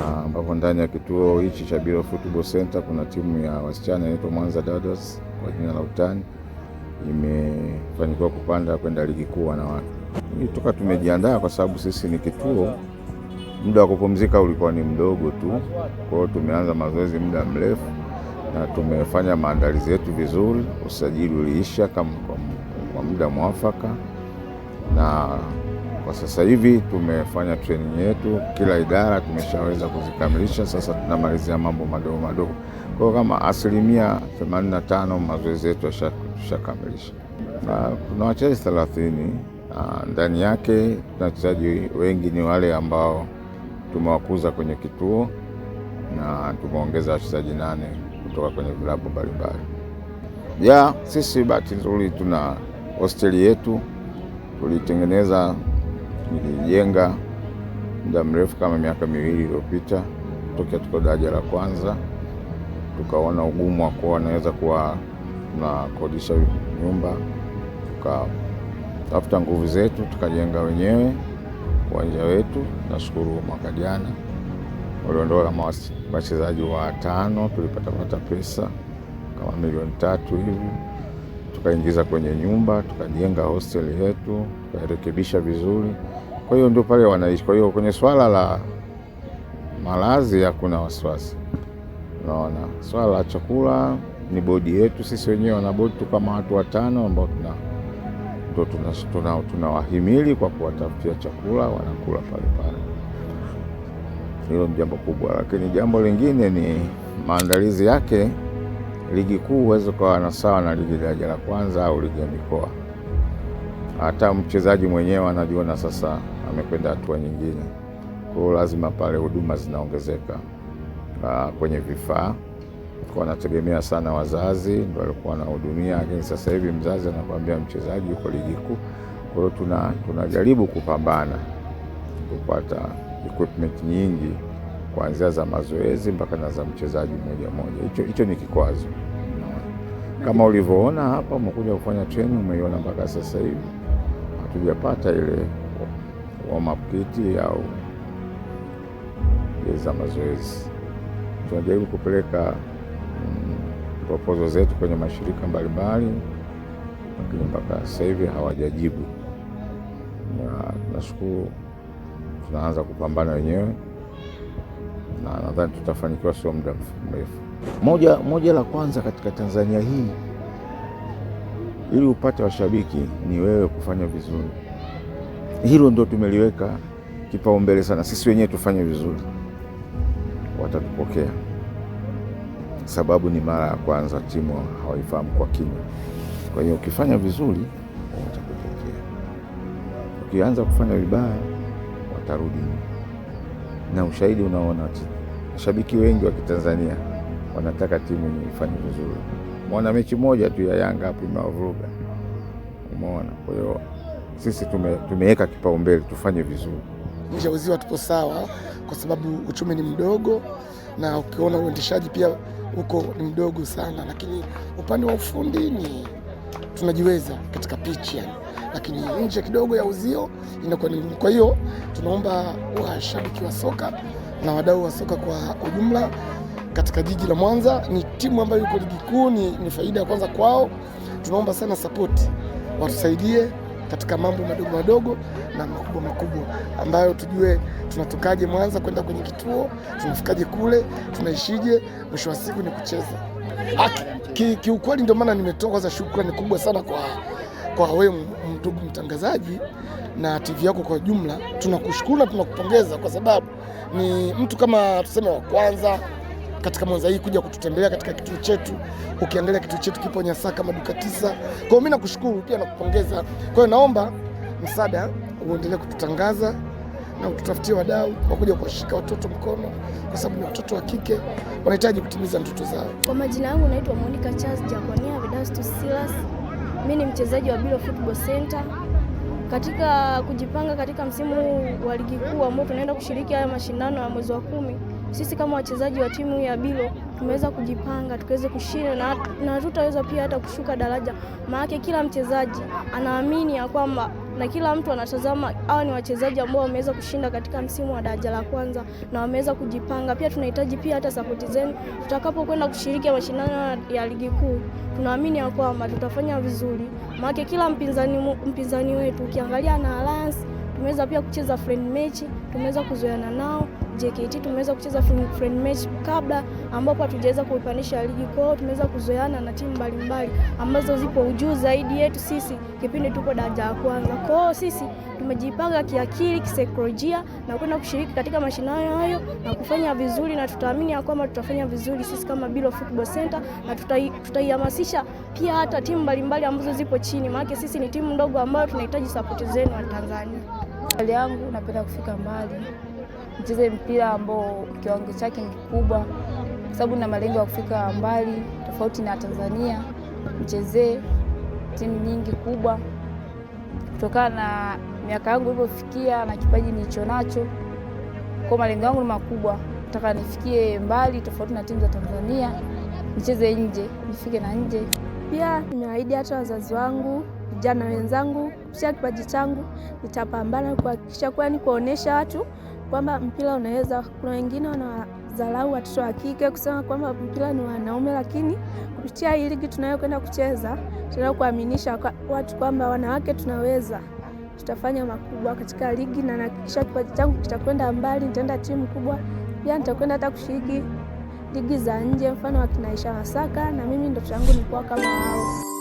Ah, ambapo ndani ya kituo hichi cha Biro Football Center kuna timu ya wasichana inaitwa Mwanza dadas kwa jina la utani, imefanikiwa kupanda kwenda ligi kuu wanawake. Toka tumejiandaa kwa sababu sisi ni kituo, muda wa kupumzika ulikuwa ni mdogo tu, kwa hiyo tumeanza mazoezi muda mrefu na tumefanya maandalizi yetu vizuri. Usajili uliisha kama kwa muda mwafaka na kwa sasa hivi tumefanya training yetu, kila idara tumeshaweza kuzikamilisha. Sasa tunamalizia mambo madogo madogo, kwa kama asilimia 85 mazoezi yetu tushakamilisha, na kuna wachezaji thelathini ah, ndani yake. Tuna wachezaji wengi ni wale ambao tumewakuza kwenye kituo na tumeongeza wachezaji nane kutoka kwenye vilabu mbalimbali. Ya sisi bahati nzuri tuna hosteli yetu tulitengeneza Nilijenga muda mrefu kama miaka miwili iliyopita, tokea tuko daraja la kwanza, tukaona ugumu wa kuwa naweza kuwa tunakodisha nyumba, tukatafuta nguvu zetu, tukajenga wenyewe uwanja wetu. Nashukuru mwaka jana waliondoka kama wachezaji watano, tulipatapata pesa kama milioni tatu hivi tukaingiza kwenye nyumba, tukajenga hostel yetu, tukairekebisha vizuri. Kwa hiyo ndio pale wanaishi. Kwa hiyo kwenye swala la malazi hakuna wasiwasi, unaona. Swala la chakula ni bodi yetu sisi wenyewe, wana bodi tu kama watu watano ambao tuna ndio tunawahimili tuna, tuna kwa kuwatafutia chakula, wanakula pale pale. Hilo ni jambo kubwa, lakini jambo lingine ni maandalizi yake ligi kuu huwezi ukawa na sawa na ligi daraja la kwanza au ligi ya mikoa. Hata mchezaji mwenyewe anajiona sasa amekwenda hatua nyingine, kwa hiyo lazima pale huduma zinaongezeka ah, kwenye vifaa. Kwa wanategemea sana wazazi ndio walikuwa wanahudumia, lakini sasa hivi mzazi anakuambia mchezaji uko ligi kuu. Kwa hiyo tuna tunajaribu kupambana kupata equipment nyingi kuanzia za mazoezi mpaka na za mchezaji mmoja mmoja. Hicho hicho ni kikwazo. Kama ulivyoona hapa, umekuja kufanya training, umeiona mpaka sasa hivi hatujapata ile warm up kit au za mazoezi. Tunajaribu kupeleka mm, proposal zetu kwenye mashirika mbalimbali, lakini mpaka sasa hivi hawajajibu, na nashukuru tunaanza kupambana wenyewe na nadhani tutafanikiwa sio muda mrefu. Moja, moja la kwanza katika Tanzania hii ili upate washabiki ni wewe kufanya vizuri. Hilo ndio tumeliweka kipaumbele sana, sisi wenyewe tufanye vizuri, watatupokea sababu ni mara ya kwanza, timu hawaifahamu kwa kina. Kwa hiyo ukifanya vizuri watakupokea, ukianza kufanya vibaya watarudi, na ushahidi unaona. Shabiki wengi wa Kitanzania wanataka timu ifanye vizuri. Mwana mechi moja tu ya Yanga hapo imewavuruga, umeona. Kwa hiyo sisi tume, tumeweka kipaumbele tufanye vizuri. Nje uziwa tupo sawa, kwa sababu uchumi ni mdogo na ukiona uendeshaji pia huko ni mdogo sana, lakini upande wa ufundi ni tunajiweza katika pichi yani, lakini nje kidogo ya uzio inakuwa ni. Kwa hiyo tunaomba washabiki wa soka na wadau wa soka kwa ujumla katika jiji la Mwanza. Ni timu ambayo yuko ligi kuu, ni, ni faida ya kwanza kwao. Tunaomba sana sapoti, watusaidie katika mambo madogo madogo na makubwa makubwa, ambayo tujue tunatokaje Mwanza kwenda kwenye kituo, tunafikaje kule, tunaishije, mwisho wa siku ni kucheza. Kiukweli ki ndio maana nimetoa kwanza shukrani kubwa sana kwa, kwa wewe ndugu mtangazaji na TV yako kwa jumla. Tunakushukuru na tunakupongeza kwa sababu ni mtu kama tuseme wa kwanza katika Mwanza hii kuja kututembelea katika kituo chetu. Ukiangalia kituo chetu kipo Nyasaka maduka tisa. Kwa hiyo mimi nakushukuru pia nakupongeza. Kwa hiyo naomba msaada uendelee kututangaza na kutafutia wadau wakuja kuwashika watoto mkono, kwa sababu ni watoto wa kike wanahitaji kutimiza ndoto zao. Kwa majina yangu naitwa Monica Charles Jaconia Vedastus Silas, mimi ni mchezaji wa Bilo Football Center. Katika kujipanga katika msimu wa ligi kuu ambao tunaenda kushiriki haya mashindano ya mwezi wa kumi, sisi kama wachezaji wa timu ya Bilo tumeweza kujipanga tukaweze kushinda na, na tutaweza pia hata kushuka daraja, maana kila mchezaji anaamini ya kwamba na kila mtu anatazama, hawa ni wachezaji ambao wameweza kushinda katika msimu wa daraja la kwanza na wameweza kujipanga. Pia tunahitaji pia hata sapoti zenu tutakapokwenda kushiriki mashindano ya ligi kuu. Tunaamini ya kwamba tutafanya vizuri, maana kila mpinzani mpinzani wetu ukiangalia na Alliance tumeweza pia kucheza friend mechi, tumeweza kuzoeana nao JKT tumeweza kucheza friend match kabla, ambapo hatujaweza kuipandisha ligi. Kwa hiyo tumeweza kuzoeana na timu mbalimbali ambazo zipo ujuu zaidi yetu sisi kipindi tuko daraja la kwanza. Kwa hiyo sisi tumejipanga kiakili, kisaikolojia na kwenda kushiriki katika mashindano hayo na kufanya vizuri, na tutaamini ya kwamba tutafanya vizuri sisi kama Bilo Football Center, na tutaihamasisha tutai pia hata timu mbalimbali ambazo zipo chini, maana sisi ni timu ndogo ambayo tunahitaji sapoti zenu wa Tanzania. Hali yangu napenda kufika mbali nicheze mpira ambao kiwango chake ni kikubwa, kwa sababu na malengo ya kufika mbali tofauti na Tanzania, nichezee timu nyingi kubwa kutokana na miaka yangu ilivyofikia na kipaji nilicho nacho. Kwa malengo yangu ni makubwa, nataka nifikie mbali tofauti na timu za Tanzania, nicheze nje, nifike na nje. Pia nimewaahidi hata wazazi wangu, vijana wenzangu, kupitia kipaji changu nitapambana kuhakikisha kuwa ni watu kwamba mpira unaweza, kuna wengine wanawadharau watoto wa kike kusema kwamba mpira ni wanaume, lakini kupitia hii ligi tunayokwenda kucheza tunataka kuaminisha kwa, watu kwamba wanawake tunaweza, tutafanya makubwa katika ligi na nahakikisha kipaji changu kitakwenda mbali, nitaenda timu kubwa, pia nitakwenda hata kushiriki ligi za nje, mfano wakinaisha Masaka, na mimi ndoto yangu ni kuwa kama wao.